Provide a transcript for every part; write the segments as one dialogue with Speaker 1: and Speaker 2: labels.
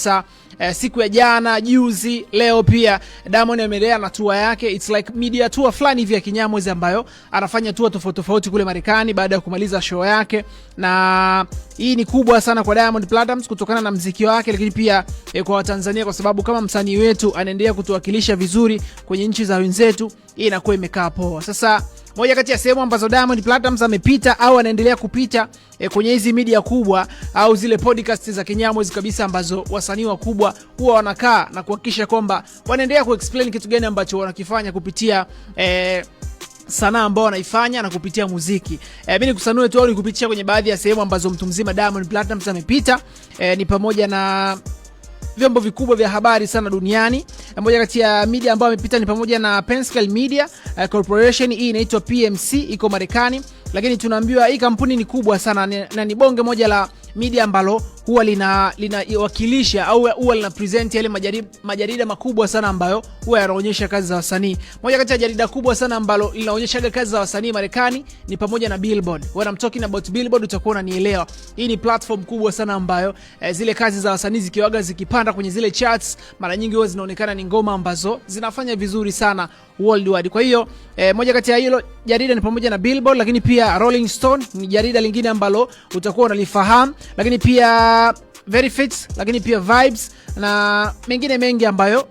Speaker 1: sasa eh, siku ya jana juzi, leo pia Diamond ameendelea na tour yake, it's like media tour fulani hivi ya Kinyamwezi ambayo anafanya tour tofauti tofauti kule Marekani baada ya kumaliza show yake, na hii ni kubwa sana kwa Diamond Platnumz kutokana na mziki wake, lakini pia eh, kwa Watanzania kwa sababu kama msanii wetu anaendelea kutuwakilisha vizuri kwenye nchi za wenzetu, hii inakuwa imekaa poa sasa moja kati ya sehemu ambazo Diamond Platnumz amepita au anaendelea kupita e, kwenye hizi media kubwa au zile podcast za kinyamwezi kabisa ambazo wasanii wakubwa huwa wanakaa na kuhakikisha kwamba wanaendelea kuexplain kitu gani ambacho wanakifanya kupitia e, sanaa ambao wanaifanya na kupitia muziki. E, mimi nikusanue tu au nikupitia kwenye baadhi ya sehemu ambazo mtu mzima Diamond Platnumz amepita e, ni pamoja na vyombo vikubwa vya habari sana duniani moja kati ya media ambayo amepita ni pamoja na Penske Media eh, Corporation, hii inaitwa PMC, iko Marekani, lakini tunaambiwa hii kampuni ni kubwa sana na ni bonge moja la media ambalo huwa linawakilisha lina, au huwa lina present yale majarida, majarida makubwa sana ambayo huwa yanaonyesha kazi za wasanii. Moja kati ya jarida kubwa sana ambalo linaonyeshaga kazi za wasanii Marekani ni pamoja na Billboard. When I'm talking about Billboard utakuwa unanielewa. Hii ni platform kubwa sana ambayo eh, zile kazi za wasanii zikiwaga zikipanda kwenye zile charts mara nyingi huwa zinaonekana ni ngoma ambazo zinafanya vizuri sana worldwide. Kwa hiyo eh, moja kati ya hilo jarida ni pamoja na Billboard, lakini pia Rolling Stone ni jarida lingine ambalo utakuwa unalifahamu lakini pia Very Fit, lakini pia Vibes na mengine mengi ambayo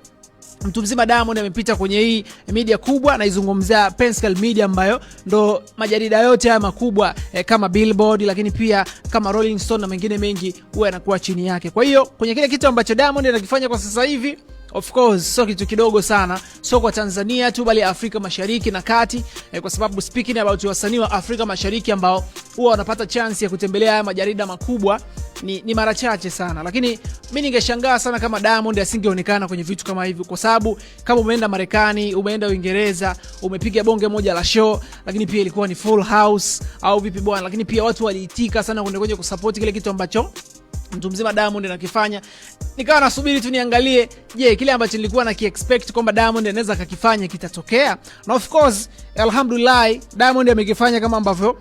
Speaker 1: mtu mzima Diamond amepita kwenye hii media kubwa, naizungumzia Pencil Media ambayo ndo majarida yote haya makubwa eh, kama Billboard, lakini pia kama Rolling Stone na mengine mengi huwa yanakuwa chini yake. Kwa hiyo kwenye kile kitu ambacho Diamond anakifanya kwa sasa hivi Of course sio kitu kidogo sana, sio kwa Tanzania tu bali Afrika Mashariki na Kati eh, kwa sababu speaking about wasanii wa Afrika Mashariki ambao huwa wanapata chance ya kutembelea haya majarida makubwa ni, ni mara chache sana, lakini mi ningeshangaa sana kama Diamond asingeonekana kwenye vitu kama hivyo, kwa sababu kama umeenda Marekani, umeenda Uingereza, umepiga bonge moja la show, lakini pia ilikuwa ni full house au vipi bwana, lakini pia watu waliitika sana kwenda kwenye kusupport kile kitu ambacho mtu mzima Diamond anakifanya. Nikawa nasubiri tu niangalie, je, kile ambacho nilikuwa na kiexpect kwamba Diamond anaweza akakifanya kitatokea, na of course, alhamdulillah Diamond amekifanya kama ambavyo